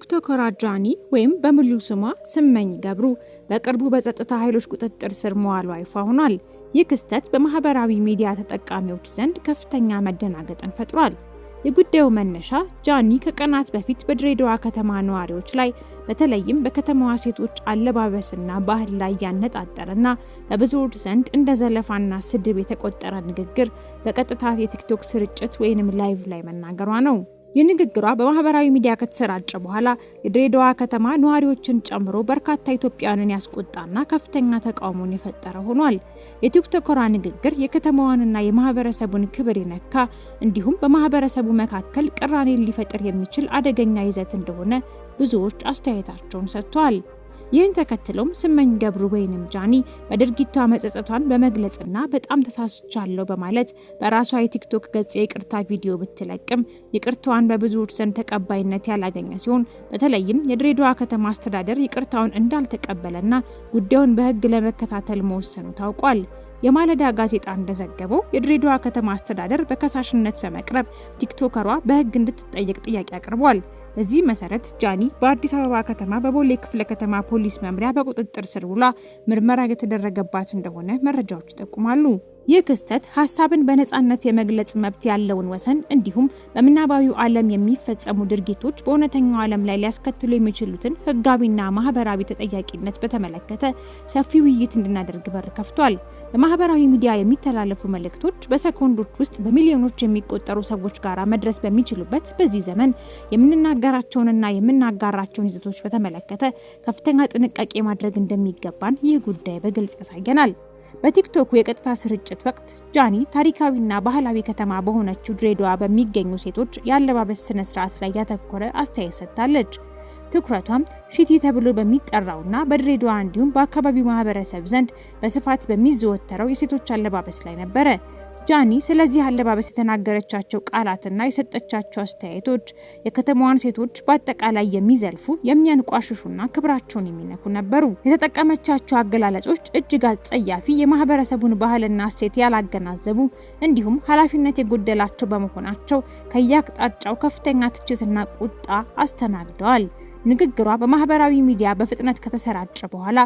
ቲክቶከሯ ጃኒ ወይም በሙሉ ስሟ ስመኝ ገብሩ በቅርቡ በጸጥታ ኃይሎች ቁጥጥር ስር መዋሏ ይፋ ሆኗል። ይህ ክስተት በማህበራዊ ሚዲያ ተጠቃሚዎች ዘንድ ከፍተኛ መደናገጥን ፈጥሯል። የጉዳዩ መነሻ ጃኒ ከቀናት በፊት በድሬዳዋ ከተማ ነዋሪዎች ላይ በተለይም በከተማዋ ሴቶች አለባበስና ባህል ላይ ያነጣጠረና በብዙዎች ዘንድ እንደ ዘለፋና ስድብ የተቆጠረ ንግግር በቀጥታ የቲክቶክ ስርጭት ወይንም ላይቭ ላይ መናገሯ ነው። የንግግሯ በማህበራዊ ሚዲያ ከተሰራጨ በኋላ የድሬዳዋ ከተማ ነዋሪዎችን ጨምሮ በርካታ ኢትዮጵያውያንን ያስቆጣና ከፍተኛ ተቃውሞን የፈጠረ ሆኗል። የቲክቶከሯ ንግግር የከተማዋንና የማህበረሰቡን ክብር የነካ እንዲሁም በማህበረሰቡ መካከል ቅራኔን ሊፈጥር የሚችል አደገኛ ይዘት እንደሆነ ብዙዎች አስተያየታቸውን ሰጥተዋል። ይህን ተከትሎም ስመኝ ገብሩ ወይንም ጃኒ በድርጊቷ መጸጸቷን በመግለጽና በጣም ተሳስቻለሁ በማለት በራሷ የቲክቶክ ገጽ የይቅርታ ቪዲዮ ብትለቅም ይቅርታዋን በብዙዎች ዘንድ ተቀባይነት ያላገኘ ሲሆን በተለይም የድሬዳዋ ከተማ አስተዳደር ይቅርታውን እንዳልተቀበለና ጉዳዩን በሕግ ለመከታተል መወሰኑ ታውቋል። የማለዳ ጋዜጣ እንደዘገበው የድሬዳዋ ከተማ አስተዳደር በከሳሽነት በመቅረብ ቲክቶከሯ በሕግ እንድትጠየቅ ጥያቄ አቅርቧል። በዚህ መሰረት ጃኒ በአዲስ አበባ ከተማ በቦሌ ክፍለ ከተማ ፖሊስ መምሪያ በቁጥጥር ስር ውላ ምርመራ የተደረገባት እንደሆነ መረጃዎች ይጠቁማሉ። ይህ ክስተት ሀሳብን በነፃነት የመግለጽ መብት ያለውን ወሰን እንዲሁም በምናባዊው ዓለም የሚፈጸሙ ድርጊቶች በእውነተኛው ዓለም ላይ ሊያስከትሉ የሚችሉትን ህጋዊና ማህበራዊ ተጠያቂነት በተመለከተ ሰፊ ውይይት እንድናደርግ በር ከፍቷል። በማህበራዊ ሚዲያ የሚተላለፉ መልእክቶች በሰኮንዶች ውስጥ በሚሊዮኖች የሚቆጠሩ ሰዎች ጋር መድረስ በሚችሉበት በዚህ ዘመን የምንናገራቸውንና የምናጋራቸውን ይዘቶች በተመለከተ ከፍተኛ ጥንቃቄ ማድረግ እንደሚገባን ይህ ጉዳይ በግልጽ ያሳየናል። በቲክቶኩ የቀጥታ ስርጭት ወቅት ጃኒ ታሪካዊና ባህላዊ ከተማ በሆነችው ድሬዳዋ በሚገኙ ሴቶች የአለባበስ ስነ ስርዓት ላይ ያተኮረ አስተያየት ሰጥታለች። ትኩረቷም ሽቲ ተብሎ በሚጠራውና በድሬዳዋ እንዲሁም በአካባቢው ማህበረሰብ ዘንድ በስፋት በሚዘወተረው የሴቶች አለባበስ ላይ ነበረ። ጃኒ ስለዚህ አለባበስ የተናገረቻቸው ቃላትና የሰጠቻቸው አስተያየቶች የከተማዋን ሴቶች በአጠቃላይ የሚዘልፉ የሚያንቋሽሹና ክብራቸውን የሚነኩ ነበሩ። የተጠቀመቻቸው አገላለጾች እጅግ አጸያፊ፣ የማህበረሰቡን ባህልና እሴት ያላገናዘቡ እንዲሁም ኃላፊነት የጎደላቸው በመሆናቸው ከየአቅጣጫው ከፍተኛ ትችትና ቁጣ አስተናግደዋል። ንግግሯ በማህበራዊ ሚዲያ በፍጥነት ከተሰራጨ በኋላ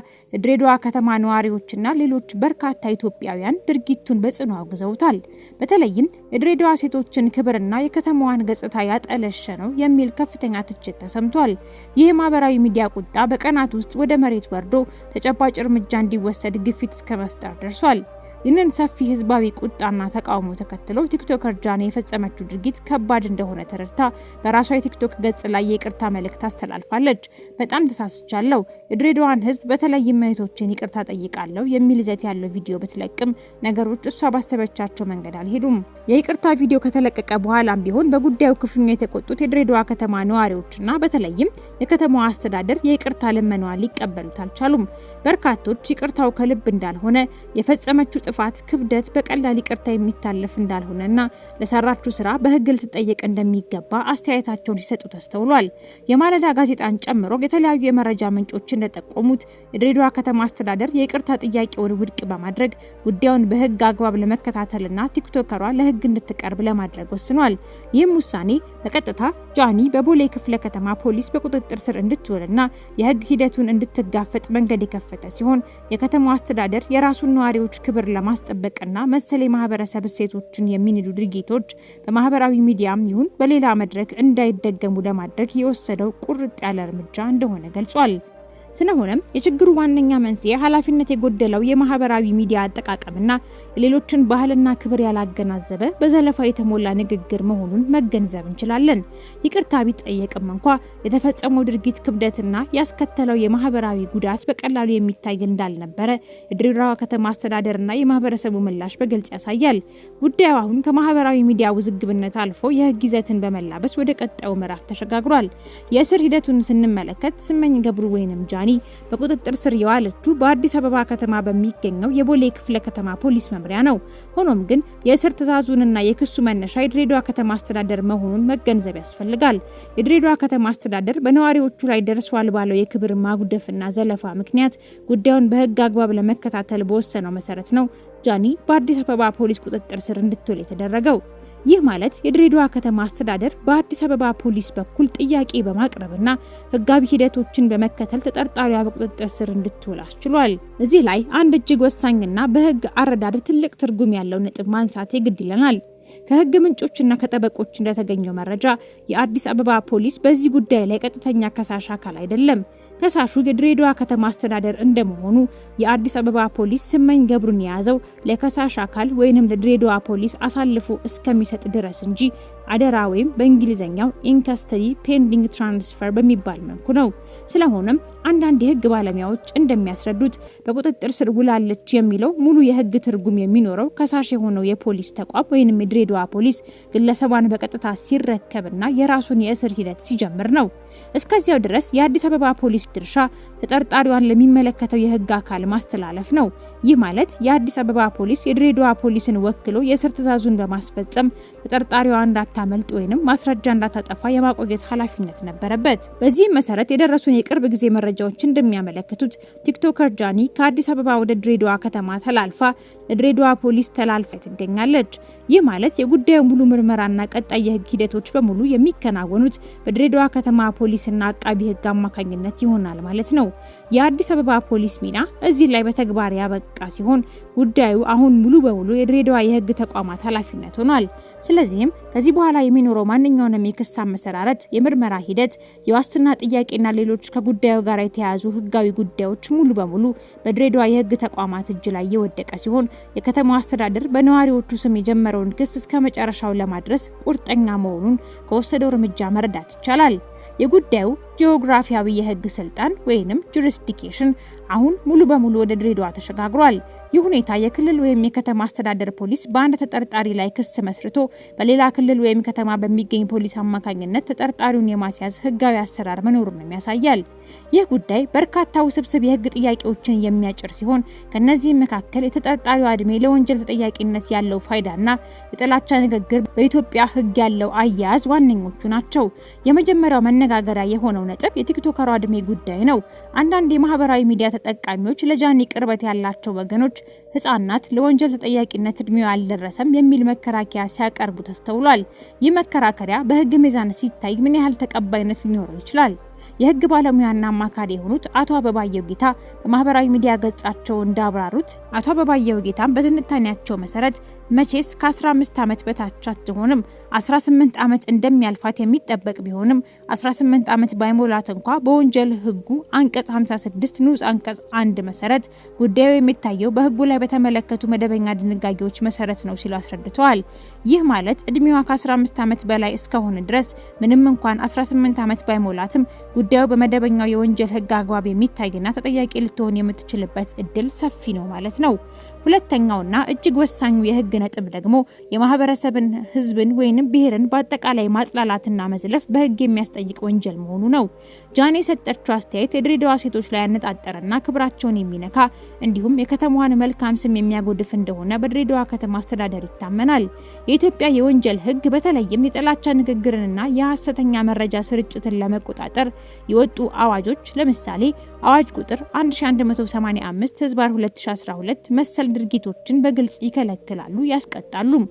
ድሬዳዋ ከተማ ነዋሪዎችና ሌሎች በርካታ ኢትዮጵያውያን ድርጊቱን በጽኑ አውግዘውታል። በተለይም የድሬዳዋ ሴቶችን ክብርና የከተማዋን ገጽታ ያጠለሸ ነው የሚል ከፍተኛ ትችት ተሰምቷል። ይህ ማህበራዊ ሚዲያ ቁጣ በቀናት ውስጥ ወደ መሬት ወርዶ ተጨባጭ እርምጃ እንዲወሰድ ግፊት እስከ መፍጠር ደርሷል። ይህንን ሰፊ ህዝባዊ ቁጣና ተቃውሞ ተከትሎ ቲክቶከር ጃኔ የፈጸመችው ድርጊት ከባድ እንደሆነ ተረድታ በራሷ የቲክቶክ ገጽ ላይ የይቅርታ መልእክት አስተላልፋለች። በጣም ተሳስቻለሁ፣ የድሬዳዋን ህዝብ በተለይም እህቶቼን ይቅርታ ጠይቃለሁ የሚል ይዘት ያለው ቪዲዮ ብትለቅም ነገሮች እሷ ባሰበቻቸው መንገድ አልሄዱም። የይቅርታ ቪዲዮ ከተለቀቀ በኋላም ቢሆን በጉዳዩ ክፉኛ የተቆጡት የድሬዳዋ ከተማ ነዋሪዎችና በተለይም የከተማዋ አስተዳደር የይቅርታ ልመናዋን ሊቀበሉት አልቻሉም። በርካቶች ይቅርታው ከልብ እንዳልሆነ የፈጸመችው ጥፋት ክብደት በቀላል ይቅርታ የሚታለፍ እንዳልሆነና ለሰራችሁ ስራ በህግ ልትጠየቅ እንደሚገባ አስተያየታቸውን ሲሰጡ ተስተውሏል። የማለዳ ጋዜጣን ጨምሮ የተለያዩ የመረጃ ምንጮች እንደጠቆሙት የድሬዳዋ ከተማ አስተዳደር የይቅርታ ጥያቄውን ውድቅ በማድረግ ጉዳዩን በህግ አግባብ ለመከታተልና ቲክቶከሯ ለህግ እንድትቀርብ ለማድረግ ወስኗል። ይህም ውሳኔ በቀጥታ ጃኒ በቦሌ ክፍለ ከተማ ፖሊስ በቁጥጥር ስር እንድትውልና የህግ ሂደቱን እንድትጋፈጥ መንገድ የከፈተ ሲሆን የከተማ አስተዳደር የራሱን ነዋሪዎች ክብር ለማስጠበቅና መሰል የማህበረሰብ እሴቶችን የሚንዱ ድርጊቶች በማህበራዊ ሚዲያም ይሁን በሌላ መድረክ እንዳይደገሙ ለማድረግ የወሰደው ቁርጥ ያለ እርምጃ እንደሆነ ገልጿል። ስለሆነም የችግሩ ዋነኛ መንስኤ ኃላፊነት የጎደለው የማህበራዊ ሚዲያ አጠቃቀምና የሌሎችን ባህልና ክብር ያላገናዘበ በዘለፋ የተሞላ ንግግር መሆኑን መገንዘብ እንችላለን። ይቅርታ ቢጠየቅም እንኳ የተፈጸመው ድርጊት ክብደትና ያስከተለው የማህበራዊ ጉዳት በቀላሉ የሚታይ እንዳልነበረ የድሬዳዋ ከተማ አስተዳደርና የማህበረሰቡ ምላሽ በግልጽ ያሳያል። ጉዳዩ አሁን ከማህበራዊ ሚዲያ ውዝግብነት አልፎ የህግ ይዘትን በመላበስ ወደ ቀጣዩ ምዕራፍ ተሸጋግሯል። የእስር ሂደቱን ስንመለከት ስመኝ ገብሩ ወይንም ጃ ማኒ በቁጥጥር ስር የዋለችው በአዲስ አበባ ከተማ በሚገኘው የቦሌ ክፍለ ከተማ ፖሊስ መምሪያ ነው። ሆኖም ግን የእስር ትዕዛዙንና የክሱ መነሻ የድሬዳዋ ከተማ አስተዳደር መሆኑን መገንዘብ ያስፈልጋል። የድሬዳዋ ከተማ አስተዳደር በነዋሪዎቹ ላይ ደርሷል ባለው የክብር ማጉደፍና ዘለፋ ምክንያት ጉዳዩን በህግ አግባብ ለመከታተል በወሰነው መሰረት ነው ጃኒ በአዲስ አበባ ፖሊስ ቁጥጥር ስር እንድትውል የተደረገው። ይህ ማለት የድሬዳዋ ከተማ አስተዳደር በአዲስ አበባ ፖሊስ በኩል ጥያቄ በማቅረብና ህጋዊ ሂደቶችን በመከተል ተጠርጣሪዋ በቁጥጥር ስር እንድትውል አስችሏል። እዚህ ላይ አንድ እጅግ ወሳኝና በህግ አረዳድ ትልቅ ትርጉም ያለው ነጥብ ማንሳት የግድ ይለናል። ከህግ ምንጮችና ከጠበቆች እንደተገኘው መረጃ የአዲስ አበባ ፖሊስ በዚህ ጉዳይ ላይ ቀጥተኛ ከሳሽ አካል አይደለም። ከሳሹ የድሬዳዋ ከተማ አስተዳደር እንደመሆኑ የአዲስ አበባ ፖሊስ ስመኝ ገብሩን የያዘው ለከሳሽ አካል ወይንም ለድሬዳዋ ፖሊስ አሳልፎ እስከሚሰጥ ድረስ እንጂ አደራ ወይም በእንግሊዝኛው ኢንከስተዲ ፔንዲንግ ትራንስፈር በሚባል መልኩ ነው። ስለሆነም አንዳንድ የህግ ባለሙያዎች እንደሚያስረዱት በቁጥጥር ስር ውላለች የሚለው ሙሉ የህግ ትርጉም የሚኖረው ከሳሽ የሆነው የፖሊስ ተቋም ወይንም የድሬዳዋ ፖሊስ ግለሰቧን በቀጥታ ሲረከብና የራሱን የእስር ሂደት ሲጀምር ነው። እስከዚያው ድረስ የአዲስ አበባ ፖሊስ ድርሻ ተጠርጣሪዋን ለሚመለከተው የህግ አካል ማስተላለፍ ነው። ይህ ማለት የአዲስ አበባ ፖሊስ የድሬዳዋ ፖሊስን ወክሎ የእስር ትዕዛዙን በማስፈጸም ተጠርጣሪዋ እንዳታመልጥ ወይም ማስረጃ እንዳታጠፋ የማቆየት ኃላፊነት ነበረበት። በዚህም መሰረት የደረሱን የቅርብ ጊዜ መረጃዎች እንደሚያመለክቱት ቲክቶከር ጃኒ ከአዲስ አበባ ወደ ድሬዳዋ ከተማ ተላልፋ ድሬዳዋ ፖሊስ ተላልፋ ትገኛለች። ይህ ማለት የጉዳዩ ሙሉ ምርመራና ቀጣይ የህግ ሂደቶች በሙሉ የሚከናወኑት በድሬዳዋ ከተማ ፖሊስና አቃቢ ህግ አማካኝነት ይሆናል ማለት ነው። የአዲስ አበባ ፖሊስ ሚና እዚህ ላይ በተግባር ያበቃ ሲሆን ጉዳዩ አሁን ሙሉ በሙሉ የድሬዳዋ የህግ ተቋማት ኃላፊነት ሆኗል። ስለዚህም ከዚህ በኋላ የሚኖረው ማንኛውንም የክስ አመሰራረት፣ የምርመራ ሂደት፣ የዋስትና ጥያቄና ሌሎች ከጉዳዩ ጋር የተያያዙ ህጋዊ ጉዳዮች ሙሉ በሙሉ በድሬዳዋ የህግ ተቋማት እጅ ላይ የወደቀ ሲሆን የከተማው አስተዳደር በነዋሪዎቹ ስም የጀመረ የነበረውን ክስ እስከ መጨረሻው ለማድረስ ቁርጠኛ መሆኑን ከወሰደው እርምጃ መረዳት ይቻላል። የጉዳዩ ጂኦግራፊያዊ የህግ ስልጣን ወይንም ጁሪስዲኬሽን አሁን ሙሉ በሙሉ ወደ ድሬዳዋ ተሸጋግሯል። ይህ ሁኔታ የክልል ወይም የከተማ አስተዳደር ፖሊስ በአንድ ተጠርጣሪ ላይ ክስ መስርቶ በሌላ ክልል ወይም ከተማ በሚገኝ ፖሊስ አማካኝነት ተጠርጣሪውን የማስያዝ ህጋዊ አሰራር መኖሩንም ያሳያል። ይህ ጉዳይ በርካታ ውስብስብ የህግ ጥያቄዎችን የሚያጭር ሲሆን ከእነዚህም መካከል የተጠርጣሪው ዕድሜ፣ ለወንጀል ተጠያቂነት ያለው ፋይዳና የጥላቻ ንግግር በኢትዮጵያ ህግ ያለው አያያዝ ዋነኞቹ ናቸው። የመጀመሪያው መነጋገሪያ የሆነው ነጥብ የቲክቶከሯ እድሜ ጉዳይ ነው። አንዳንድ የማህበራዊ ሚዲያ ተጠቃሚዎች ለጃኒ ቅርበት ያላቸው ወገኖች ህጻን ለወንጀል ተጠያቂነት እድሜው አልደረሰም የሚል መከራከያ ሲያቀርቡ ተስተውሏል። ይህ መከራከሪያ በህግ ሚዛን ሲታይ ምን ያህል ተቀባይነት ሊኖረው ይችላል? የህግ ባለሙያና አማካሪ የሆኑት አቶ አበባየው ጌታ በማህበራዊ ሚዲያ ገጻቸው እንዳብራሩት አቶ አበባየው ጌታም በትንታኔያቸው መሰረት መቼስ ከ15 ዓመት በታች አትሆንም። 18 ዓመት እንደሚያልፋት የሚጠበቅ ቢሆንም 18 ዓመት ባይሞላት እንኳ በወንጀል ህጉ አንቀጽ 56 ንዑስ አንቀጽ 1 መሰረት ጉዳዩ የሚታየው በህጉ ላይ በተመለከቱ መደበኛ ድንጋጌዎች መሰረት ነው ሲሉ አስረድተዋል። ይህ ማለት እድሜዋ ከ15 ዓመት በላይ እስከሆነ ድረስ ምንም እንኳን 18 ዓመት ባይሞላትም ጉዳዩ በመደበኛው የወንጀል ህግ አግባብ የሚታይና ተጠያቂ ልትሆን የምትችልበት እድል ሰፊ ነው ማለት ነው። ሁለተኛውና እጅግ ወሳኙ የህግ ነጥብ ደግሞ የማህበረሰብን፣ ህዝብን ወይንም ብሔርን በአጠቃላይ ማጥላላትና መዝለፍ በህግ የሚያስጠይቅ ወንጀል መሆኑ ነው። ጃን የሰጠችው አስተያየት የድሬዳዋ ሴቶች ላይ ያነጣጠረና ክብራቸውን የሚነካ እንዲሁም የከተማዋን መልካም ስም የሚያጎድፍ እንደሆነ በድሬዳዋ ከተማ አስተዳደር ይታመናል። የኢትዮጵያ የወንጀል ህግ በተለይም የጥላቻ ንግግርንና የሀሰተኛ መረጃ ስርጭትን ለመቆጣጠር የወጡ አዋጆች ለምሳሌ አዋጅ ቁጥር 1185 ህዝባር 2012 መሰል ድርጊቶችን በግልጽ ይከለክላሉ፣ ያስቀጣሉም።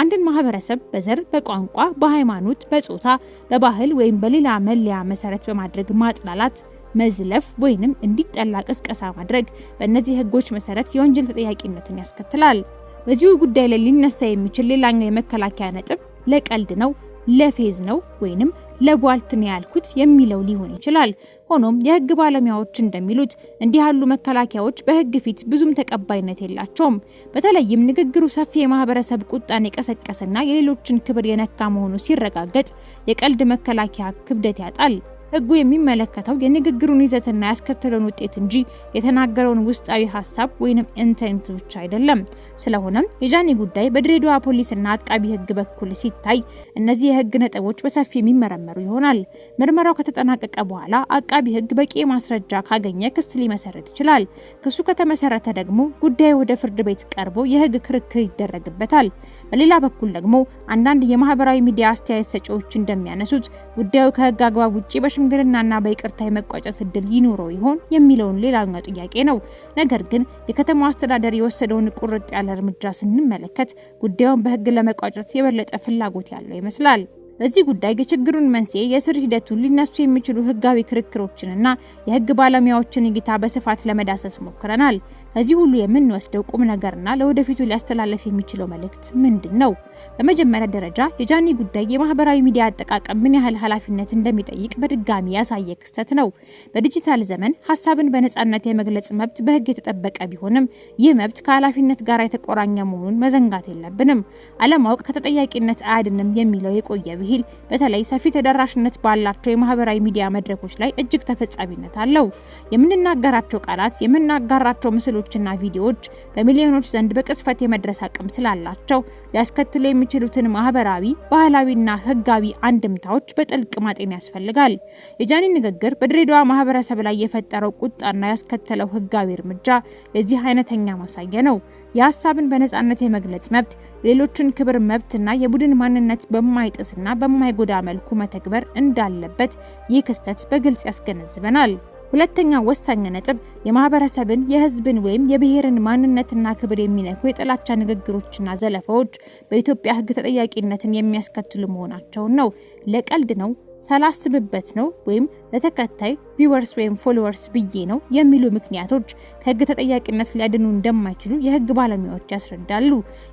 አንድን ማህበረሰብ በዘር፣ በቋንቋ፣ በሃይማኖት፣ በጾታ፣ በባህል ወይም በሌላ መለያ መሰረት በማድረግ ማጥላላት መዝለፍ ወይንም እንዲጠላ ቅስቀሳ ማድረግ በእነዚህ ህጎች መሰረት የወንጀል ተጠያቂነትን ያስከትላል። በዚሁ ጉዳይ ላይ ሊነሳ የሚችል ሌላኛው የመከላከያ ነጥብ ለቀልድ ነው፣ ለፌዝ ነው ወይንም ለቧልት ነው ያልኩት የሚለው ሊሆን ይችላል። ሆኖም የህግ ባለሙያዎች እንደሚሉት እንዲህ ያሉ መከላከያዎች በህግ ፊት ብዙም ተቀባይነት የላቸውም። በተለይም ንግግሩ ሰፊ የማህበረሰብ ቁጣን የቀሰቀሰና የሌሎችን ክብር የነካ መሆኑ ሲረጋገጥ የቀልድ መከላከያ ክብደት ያጣል። ህጉ የሚመለከተው የንግግሩን ይዘትና ያስከተለውን ውጤት እንጂ የተናገረውን ውስጣዊ ሀሳብ ወይም ኢንተንት ብቻ አይደለም። ስለሆነም የጃኒ ጉዳይ በድሬዳዋ ፖሊስና አቃቢ ህግ በኩል ሲታይ እነዚህ የህግ ነጥቦች በሰፊ የሚመረመሩ ይሆናል። ምርመራው ከተጠናቀቀ በኋላ አቃቢ ህግ በቂ ማስረጃ ካገኘ ክስ ሊመሰረት ይችላል። ክሱ ከተመሰረተ ደግሞ ጉዳዩ ወደ ፍርድ ቤት ቀርቦ የህግ ክርክር ይደረግበታል። በሌላ በኩል ደግሞ አንዳንድ የማህበራዊ ሚዲያ አስተያየት ሰጪዎች እንደሚያነሱት ጉዳዩ ከህግ አግባብ ውጭ በሽምግልናና በይቅርታ የመቋጨት እድል ይኖረው ይሆን የሚለውን ሌላኛው ጥያቄ ነው። ነገር ግን የከተማ አስተዳደር የወሰደውን ቁርጥ ያለ እርምጃ ስንመለከት ጉዳዩን በህግ ለመቋጨት የበለጠ ፍላጎት ያለው ይመስላል። በዚህ ጉዳይ የችግሩን መንስኤ የስር ሂደቱን ሊነሱ የሚችሉ ህጋዊ ክርክሮችንና የህግ ባለሙያዎችን እይታ በስፋት ለመዳሰስ ሞክረናል። እዚህ ሁሉ የምንወስደው ቁም ነገርና ለወደፊቱ ሊያስተላለፍ የሚችለው መልእክት ምንድን ነው? በመጀመሪያ ደረጃ የጃኒ ጉዳይ የማህበራዊ ሚዲያ አጠቃቀም ምን ያህል ኃላፊነት እንደሚጠይቅ በድጋሚ ያሳየ ክስተት ነው። በዲጂታል ዘመን ሀሳብን በነጻነት የመግለጽ መብት በህግ የተጠበቀ ቢሆንም ይህ መብት ከኃላፊነት ጋር የተቆራኘ መሆኑን መዘንጋት የለብንም። አለማወቅ ከተጠያቂነት አያድንም የሚለው የቆየ ብሂል በተለይ ሰፊ ተደራሽነት ባላቸው የማህበራዊ ሚዲያ መድረኮች ላይ እጅግ ተፈጻሚነት አለው። የምንናገራቸው ቃላት፣ የምናጋራቸው ምስሎች ምስሎችና ቪዲዮዎች በሚሊዮኖች ዘንድ በቅጽበት የመድረስ አቅም ስላላቸው ሊያስከትሉ የሚችሉትን ማህበራዊ፣ ባህላዊና ህጋዊ አንድምታዎች በጥልቅ ማጤን ያስፈልጋል። የጃኒ ንግግር በድሬዳዋ ማህበረሰብ ላይ የፈጠረው ቁጣና ያስከተለው ህጋዊ እርምጃ የዚህ አይነተኛ ማሳያ ነው። የሀሳብን በነጻነት የመግለጽ መብት ሌሎችን ክብር መብትና የቡድን ማንነት በማይጥስና በማይጎዳ መልኩ መተግበር እንዳለበት ይህ ክስተት በግልጽ ያስገነዝበናል። ሁለተኛው ወሳኝ ነጥብ የማህበረሰብን የህዝብን ወይም የብሔርን ማንነትና ክብር የሚነኩ የጥላቻ ንግግሮችና ዘለፋዎች በኢትዮጵያ ህግ ተጠያቂነትን የሚያስከትሉ መሆናቸውን ነው። ለቀልድ ነው፣ ሳላስብበት ነው ወይም ለተከታይ ቪወርስ ወይም ፎሎወርስ ብዬ ነው የሚሉ ምክንያቶች ከህግ ተጠያቂነት ሊያድኑ እንደማይችሉ የህግ ባለሙያዎች ያስረዳሉ።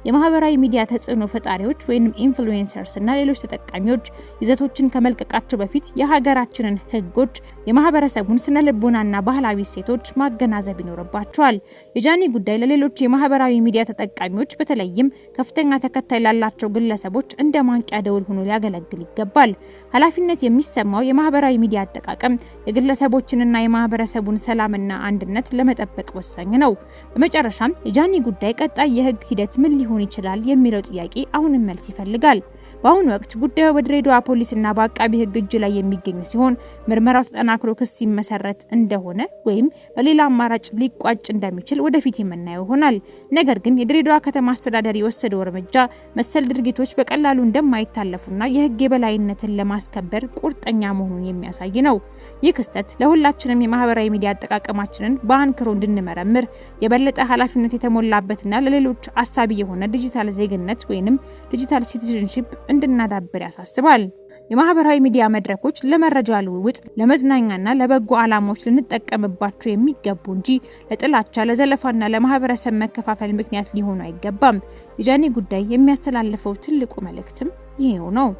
የማህበራዊ ሚዲያ ተጽዕኖ ፈጣሪዎች ወይም ኢንፍሉዌንሰርስ እና ሌሎች ተጠቃሚዎች ይዘቶችን ከመልቀቃቸው በፊት የሀገራችንን ህጎች፣ የማህበረሰቡን ስነ ልቦናና ባህላዊ እሴቶች ማገናዘብ ይኖርባቸዋል። የጃኒ ጉዳይ ለሌሎች የማህበራዊ ሚዲያ ተጠቃሚዎች በተለይም ከፍተኛ ተከታይ ላላቸው ግለሰቦች እንደ ማንቂያ ደውል ሆኖ ሊያገለግል ይገባል። ኃላፊነት የሚሰማው የማህበራዊ ሚዲያ አጠቃቀም የግለ የግለሰቦችንና የማህበረሰቡን ሰላምና አንድነት ለመጠበቅ ወሳኝ ነው። በመጨረሻም የጃኒ ጉዳይ ቀጣይ የህግ ሂደት ምን ሊሆን ይችላል የሚለው ጥያቄ አሁንም መልስ ይፈልጋል። በአሁኑ ወቅት ጉዳዩ በድሬዳዋ ፖሊስና በአቃቢ ሕግ እጅ ላይ የሚገኝ ሲሆን ምርመራው ተጠናክሮ ክስ ሲመሰረት እንደሆነ ወይም በሌላ አማራጭ ሊቋጭ እንደሚችል ወደፊት የምናየው ይሆናል። ነገር ግን የድሬዳዋ ከተማ አስተዳደር የወሰደው እርምጃ መሰል ድርጊቶች በቀላሉ እንደማይታለፉና የሕግ የበላይነትን ለማስከበር ቁርጠኛ መሆኑን የሚያሳይ ነው። ይህ ክስተት ለሁላችንም የማህበራዊ ሚዲያ አጠቃቀማችንን በአንክሮ እንድንመረምር የበለጠ ኃላፊነት የተሞላበትና ለሌሎች አሳቢ የሆነ ዲጂታል ዜግነት ወይም ዲጂታል ሲቲዝንሽፕ እንድናዳብር ያሳስባል። የማህበራዊ ሚዲያ መድረኮች ለመረጃ ልውውጥ፣ ለመዝናኛና ለበጎ ዓላማዎች ልንጠቀምባቸው የሚገቡ እንጂ ለጥላቻ ለዘለፋና ለማህበረሰብ መከፋፈል ምክንያት ሊሆኑ አይገባም። የጃኒ ጉዳይ የሚያስተላልፈው ትልቁ መልእክትም ይሄው ነው።